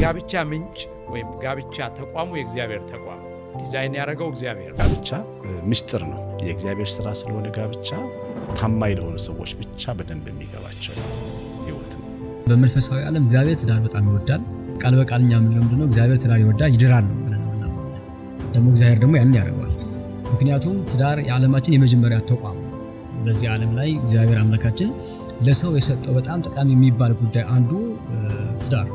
የጋብቻ ምንጭ ወይም ጋብቻ ተቋሙ የእግዚአብሔር ተቋም ዲዛይን ያደረገው እግዚአብሔር። ጋብቻ ምስጢር ነው፣ የእግዚአብሔር ስራ ስለሆነ ጋብቻ ታማኝ ለሆኑ ሰዎች ብቻ በደንብ የሚገባቸው ህይወት ነው። በመንፈሳዊ ዓለም እግዚአብሔር ትዳር በጣም ይወዳል። ቃል በቃል እኛ የምንለው ምንድነው? እግዚአብሔር ትዳር ይወዳል፣ ይድራል ነው ደግሞ እግዚአብሔር ደግሞ ያንን ያደርገዋል። ምክንያቱም ትዳር የዓለማችን የመጀመሪያ ተቋም በዚህ ዓለም ላይ እግዚአብሔር አምላካችን ለሰው የሰጠው በጣም ጠቃሚ የሚባል ጉዳይ አንዱ ትዳር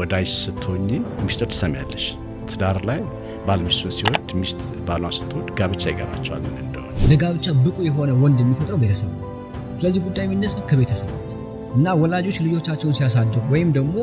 ወዳጅ ስትሆኝ ሚስጥር ትሰሚያለሽ። ትዳር ላይ ባል ሲወድ፣ ሚስት ባሏን ስትወድ ጋብቻ ይገባቸዋል። ምን እንደሆነ ለጋብቻ ብቁ የሆነ ወንድ የሚፈጥረው ቤተሰብ ነው። ስለዚህ ጉዳይ የሚነሳ ከቤተሰብ እና ወላጆች ልጆቻቸውን ሲያሳድጉ ወይም ደግሞ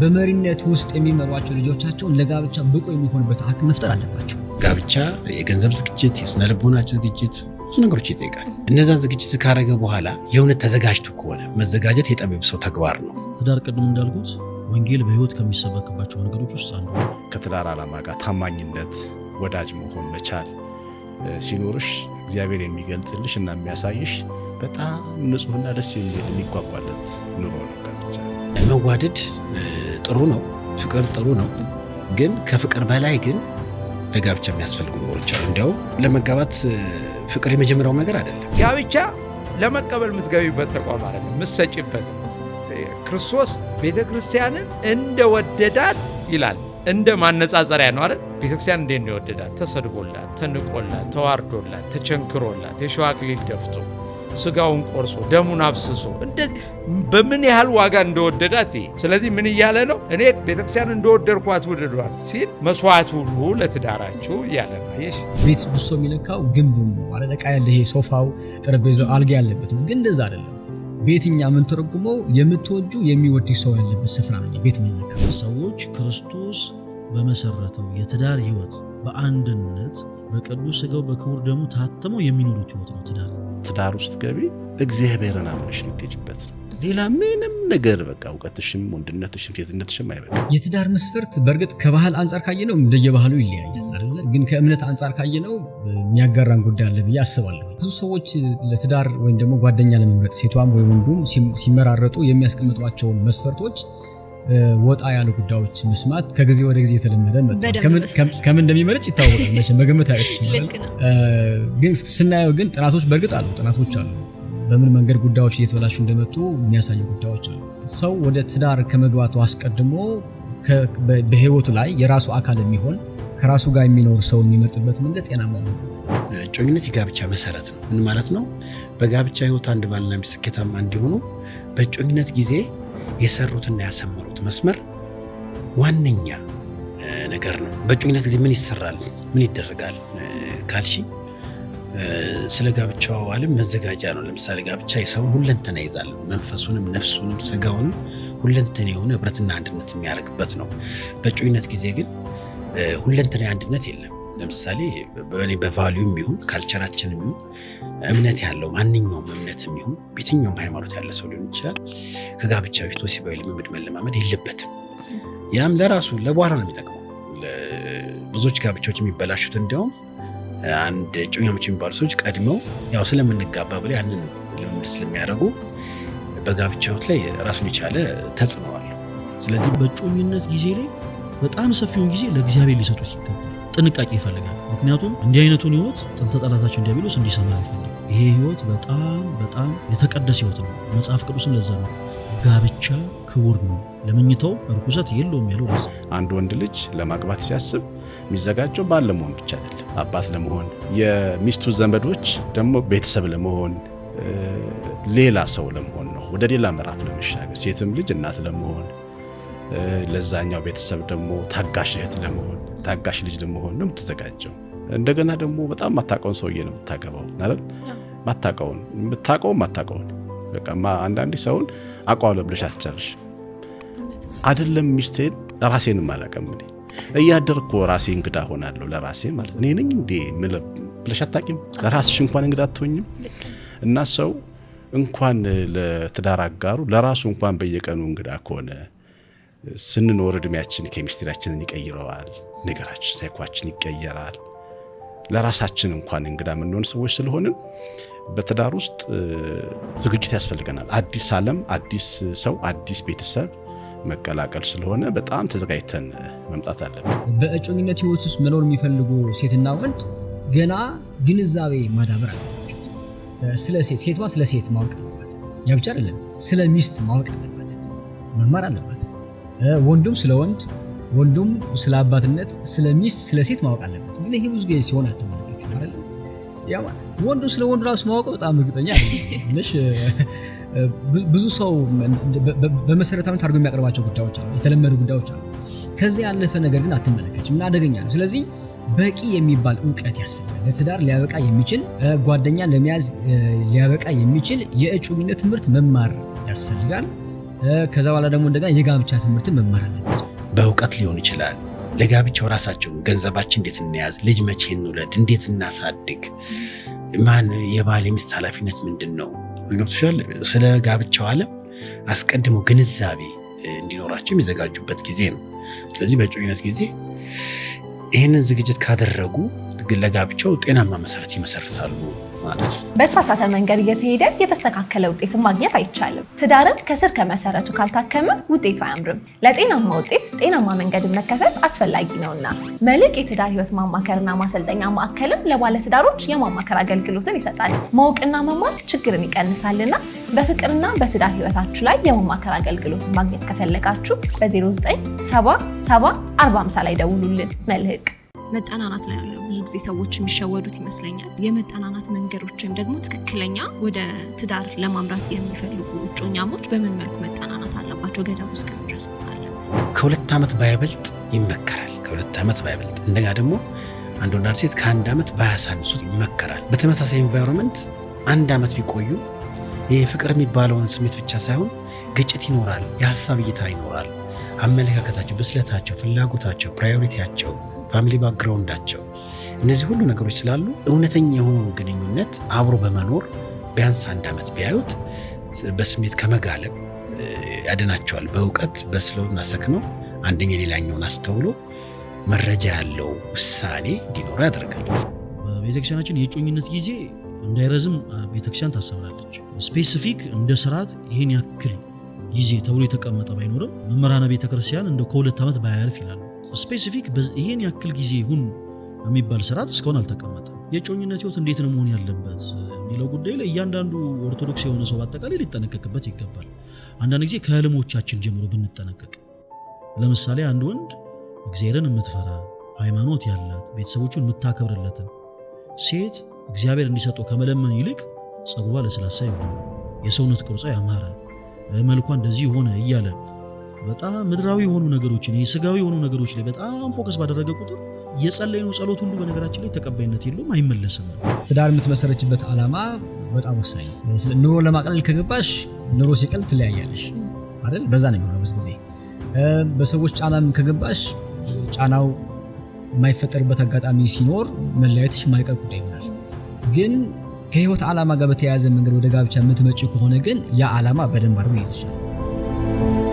በመሪነት ውስጥ የሚመሯቸው ልጆቻቸውን ለጋብቻ ብቁ የሚሆንበት አቅም መፍጠር አለባቸው። ጋብቻ የገንዘብ ዝግጅት፣ የስነ ልቦና ዝግጅት ብዙ ነገሮች ይጠይቃል። እነዛ ዝግጅት ካረገ በኋላ የእውነት ተዘጋጅቶ ከሆነ መዘጋጀት የጠቢብ ሰው ተግባር ነው። ትዳር ቅድም እንዳልኩት ወንጌል በህይወት ከሚሰበክባቸው መንገዶች ውስጥ አንዱ ነው። ከትዳር ዓላማ ጋር ታማኝነት፣ ወዳጅ መሆን መቻል ሲኖርሽ እግዚአብሔር የሚገልጽልሽ እና የሚያሳይሽ በጣም ንጹህና ደስ የሚል የሚጓጓለት ኑሮ ነው። መዋደድ ጥሩ ነው፣ ፍቅር ጥሩ ነው። ግን ከፍቅር በላይ ግን ለጋብቻ የሚያስፈልጉ ነገሮች አሉ። እንዲያውም ለመጋባት ፍቅር የመጀመሪያው ነገር አይደለም። ጋብቻ ለመቀበል የምትገቢበት ተቋም አለ፣ የምትሰጪበት ክርስቶስ ቤተ ክርስቲያንን እንደ ወደዳት ይላል። እንደ ማነጻጸሪያ ነው አይደል? ቤተ ክርስቲያን እንዴት ነው የወደዳት? ተሰድቦላት፣ ተንቆላት፣ ተዋርዶላት፣ ተቸንክሮላት፣ የሸዋ አክሊል ደፍቶ ስጋውን ቆርሶ ደሙን አፍስሶ እንደዚህ በምን ያህል ዋጋ እንደወደዳት ይሄ። ስለዚህ ምን እያለ ነው? እኔ ቤተ ክርስቲያን እንደወደድኳት ውደዷት ሲል መስዋዕት ሁሉ ለትዳራችሁ እያለ ነው። ቤት ብሶ የሚለካው ግንቡ ነው። አለቃ ያለ ይሄ ሶፋው፣ ጠረጴዛው፣ አልጋ ያለበት ግን እንደዛ አይደለም። ቤትኛ የምንተረጉመው የምትወጁ የሚወድ ሰው ያለበት ስፍራ ነው። ቤት መለከ ሰዎች ክርስቶስ በመሰረተው የትዳር ህይወት በአንድነት በቅዱስ ሥጋው በክቡር ደሙ ታትመው የሚኖሩት ህይወት ነው ትዳር። ትዳር ውስጥ ገቢ እግዚአብሔርን አምነሽ ልትሄጂበት ነው። ሌላ ምንም ነገር በቃ እውቀትሽም ወንድነትሽም ሴትነትሽም አይበቃ። የትዳር መስፈርት በእርግጥ ከባህል አንጻር ካየነው ነው እንደየባህሉ ይለያያል። ግን ከእምነት አንጻር ካየነው የሚያጋራን ጉዳይ አለ ብዬ አስባለሁ። ብዙ ሰዎች ለትዳር ወይም ደግሞ ጓደኛ ለመምረጥ ሴቷም ወይም ወንዱም ሲመራረጡ የሚያስቀምጧቸውን መስፈርቶች ወጣ ያሉ ጉዳዮች መስማት ከጊዜ ወደ ጊዜ የተለመደ ከምን እንደሚመለጭ ይታወቃል። መገመት አይነት ግን ስናየው ግን ጥናቶች በእርግጥ አሉ፣ ጥናቶች አሉ። በምን መንገድ ጉዳዮች እየተበላሹ እንደመጡ የሚያሳዩ ጉዳዮች አሉ። ሰው ወደ ትዳር ከመግባቱ አስቀድሞ በህይወቱ ላይ የራሱ አካል የሚሆን ከራሱ ጋር የሚኖር ሰው የሚመጥበት መንገድ ጤናማ ነው። እጮኝነት የጋብቻ መሰረት ነው። ምን ማለት ነው? በጋብቻ ህይወት አንድ ባልና ሚስት ስኬታማ እንዲሆኑ በእጮኝነት ጊዜ የሰሩትና ያሰመሩት መስመር ዋነኛ ነገር ነው። በእጮኝነት ጊዜ ምን ይሰራል፣ ምን ይደረጋል ካልሺ ስለ ጋብቻው ዓለም መዘጋጃ ነው። ለምሳሌ ጋብቻ የሰውን ሁለንተና ይዛል። መንፈሱንም፣ ነፍሱንም፣ ስጋውንም ሁለንተና የሆነ ህብረትና አንድነት የሚያደርግበት ነው። በእጮኝነት ጊዜ ግን ሁለንተና አንድነት የለም። ለምሳሌ በእኔ በቫሊዩም ይሁን ካልቸራችን ይሁን እምነት ያለው ማንኛውም እምነት ይሁን የትኛውም ሃይማኖት ያለ ሰው ሊሆን ይችላል ከጋብቻ በፊት ወሲባዊ ልምምድ መለማመድ የለበትም። ያም ለራሱ ለበኋላ ነው የሚጠቅመው። ብዙዎች ጋብቻዎች የሚበላሹት እንዲያውም አንድ ጮኛሞች የሚባሉ ሰዎች ቀድመው ያው ስለምንጋባ ብለው ያንን ልምምድ ስለሚያደርጉ በጋብቻዎት ላይ ራሱን የቻለ ተጽዕኖዋል። ስለዚህ በእጮኝነት ጊዜ ላይ በጣም ሰፊውን ጊዜ ለእግዚአብሔር ሊሰጡት ይገባል። ጥንቃቄ ይፈልጋል። ምክንያቱም እንዲህ አይነቱን ህይወት ጥንተ ጠላታችን ዲያብሎስ እንዲሰማ አይፈልግም። ይሄ ህይወት በጣም በጣም የተቀደሰ ህይወት ነው። መጽሐፍ ቅዱስም ለዛ ነው ጋብቻ ክቡር ነው፣ ለመኝታው ርኩሰት የለውም ያለው። አንድ ወንድ ልጅ ለማግባት ሲያስብ የሚዘጋጀው ባል ለመሆን ብቻ አይደለም፣ አባት ለመሆን የሚስቱ ዘመዶች ደግሞ ቤተሰብ ለመሆን ሌላ ሰው ለመሆን ነው። ወደ ሌላ ምዕራፍ ለመሻገር ሴትም ልጅ እናት ለመሆን ለዛኛው ቤተሰብ ደግሞ ታጋሽ እህት ለመሆን ታጋሽ ልጅ ለመሆን ነው የምትዘጋጀው። እንደገና ደግሞ በጣም ማታቀውን ሰውዬ ነው የምታገባው አይደል? ማታቀውን የምታቀውን ማታቀውን በቃ አንዳንድ ሰውን አውቀዋለሁ ብለሽ አትጨርሽ። አይደለም ሚስቴን ራሴን አላውቅም እኔ እያደርኩ ራሴ እንግዳ ሆናለሁ ለራሴ ማለት እኔ ነኝ እንዴ ምልህ ብለሽ አታውቂም። ለራስሽ እንኳን እንግዳ አትሆኝም። እና ሰው እንኳን ለትዳር አጋሩ ለራሱ እንኳን በየቀኑ እንግዳ ከሆነ ስንኖር እድሜያችን ኬሚስትሪያችንን ይቀይረዋል። ነገራችን፣ ሳይኳችን ይቀየራል። ለራሳችን እንኳን እንግዳ የምንሆን ሰዎች ስለሆንን በትዳር ውስጥ ዝግጅት ያስፈልገናል። አዲስ ዓለም፣ አዲስ ሰው፣ አዲስ ቤተሰብ መቀላቀል ስለሆነ በጣም ተዘጋጅተን መምጣት አለብን። በእጮኝነት ህይወት ውስጥ መኖር የሚፈልጉ ሴትና ወንድ ገና ግንዛቤ ማዳበር አለ። ስለ ሴት ሴቷ ስለ ሴት ማወቅ አለበት። ያ ብቻ አይደለም፣ ስለ ሚስት ማወቅ አለበት፣ መማር አለበት። ወንዱም ስለ ወንድ ወንዱም ስለ አባትነት፣ ስለ ሚስት፣ ስለ ሴት ማወቅ አለበት። ግን ይሄ ብዙ ጊዜ ሲሆን አትመለከት ወንዱ ስለ ወንዱ ራሱ ማወቅ በጣም እርግጠኛ ብዙ ሰው በመሰረታዊነት አድርጎ የሚያቀርባቸው ጉዳዮች አሉ፣ የተለመዱ ጉዳዮች አሉ። ከዚህ ያለፈ ነገር ግን አትመለከችም እና አደገኛ ነው። ስለዚህ በቂ የሚባል እውቀት ያስፈልጋል። ለትዳር ሊያበቃ የሚችል ጓደኛ ለመያዝ ሊያበቃ የሚችል የእጩነት ትምህርት መማር ያስፈልጋል። ከዛ በኋላ ደግሞ እንደገና የጋብቻ ትምህርትን መማር አለበት። በእውቀት ሊሆን ይችላል። ለጋብቻው ራሳቸው ገንዘባችን እንዴት እንያዝ፣ ልጅ መቼ እንውለድ፣ እንዴት እናሳድግ፣ ማን የባል የሚስት ኃላፊነት ምንድን ነው፣ ገብቶሻል። ስለ ጋብቻው ዓለም አስቀድሞ ግንዛቤ እንዲኖራቸው የሚዘጋጁበት ጊዜ ነው። ስለዚህ በእጮኝነት ጊዜ ይህንን ዝግጅት ካደረጉ ለጋብቻው ጤናማ መሰረት ይመሰርታሉ። ማለት ነው። በተሳሳተ መንገድ እየተሄደ የተስተካከለ ውጤትን ማግኘት አይቻልም። ትዳርን ከስር ከመሰረቱ ካልታከመ ውጤቱ አያምርም። ለጤናማ ውጤት ጤናማ መንገድን መከተል አስፈላጊ ነውና መልሕቅ የትዳር ህይወት ማማከርና ማሰልጠኛ ማዕከልም ለባለትዳሮች የማማከር አገልግሎትን ይሰጣል። ማወቅና መማር ችግርን ይቀንሳልና በፍቅርና በትዳር ህይወታችሁ ላይ የማማከር አገልግሎትን ማግኘት ከፈለጋችሁ በ0977 4050 ላይ ደውሉልን። መልሕቅ መጠናናት ላይ ያለው ብዙ ጊዜ ሰዎች የሚሸወዱት ይመስለኛል። የመጠናናት መንገዶች ወይም ደግሞ ትክክለኛ ወደ ትዳር ለማምራት የሚፈልጉ እጮኛሞች በምን መልኩ መጠናናት አለባቸው? ገዳም ውስጥ ከመድረስ አለበት። ከሁለት ዓመት ባይበልጥ ይመከራል። ከሁለት ዓመት ባይበልጥ እንደገና ደግሞ አንድ ወንድ ሴት ከአንድ ዓመት ባያሳንሱት ይመከራል። በተመሳሳይ ኢንቫይሮንመንት አንድ ዓመት ቢቆዩ ይህ ፍቅር የሚባለውን ስሜት ብቻ ሳይሆን ግጭት ይኖራል፣ የሀሳብ እይታ ይኖራል። አመለካከታቸው፣ ብስለታቸው፣ ፍላጎታቸው፣ ፕራዮሪቲያቸው ፋሚሊ ባክግራውንዳቸው እነዚህ ሁሉ ነገሮች ስላሉ እውነተኛ የሆኑ ግንኙነት አብሮ በመኖር ቢያንስ አንድ ዓመት ቢያዩት በስሜት ከመጋለብ ያድናቸዋል። በእውቀት በስለውና ሰክነው አንደኛ ሌላኛውን አስተውሎ መረጃ ያለው ውሳኔ እንዲኖረው ያደርጋል። በቤተክርስቲያናችን የእጮኝነት ጊዜ እንዳይረዝም ቤተክርስቲያን ታሰብራለች። ስፔሲፊክ እንደ ስርዓት ይህን ያክል ጊዜ ተብሎ የተቀመጠ ባይኖርም መምህራነ ቤተክርስቲያን እንደ ከሁለት ዓመት ባያልፍ ይላሉ። ስፔሲፊክ ይህን ያክል ጊዜ ይሁን የሚባል ስርዓት እስካሁን አልተቀመጠም። የጮኝነት ህይወት እንዴት ነው መሆን ያለበት የሚለው ጉዳይ ላይ እያንዳንዱ ኦርቶዶክስ የሆነ ሰው በአጠቃላይ ሊጠነቀቅበት ይገባል። አንዳንድ ጊዜ ከህልሞቻችን ጀምሮ ብንጠነቀቅ፣ ለምሳሌ አንድ ወንድ እግዚአብሔርን የምትፈራ ሃይማኖት ያላት ቤተሰቦቹን የምታከብርለትን ሴት እግዚአብሔር እንዲሰጠው ከመለመን ይልቅ ጸጉሯ ለስላሳ የሆነ የሰውነት ቅርጿ ያማረ መልኳ እንደዚህ የሆነ እያለ በጣም ምድራዊ የሆኑ ነገሮችን ይሄ ስጋዊ የሆኑ ነገሮች ላይ በጣም ፎከስ ባደረገ ቁጥር የጸለይነው ጸሎት ሁሉ በነገራችን ላይ ተቀባይነት የለውም፣ አይመለስም። ትዳር የምትመሰረችበት ዓላማ በጣም ወሳኝ ነው። ኑሮ ለማቅለል ከገባሽ ኑሮ ሲቀል ትለያያለሽ አይደል? በዛ ነው የሚሆነው ብዙ ጊዜ። በሰዎች ጫናም ከገባሽ ጫናው የማይፈጠርበት አጋጣሚ ሲኖር መለያየትሽ የማይቀር ጉዳይ ይሆናል። ግን ከህይወት ዓላማ ጋር በተያያዘ መንገድ ወደ ጋብቻ የምትመጪ ከሆነ ግን ያ ዓላማ በደንብ አድርጎ ይይዝሻል።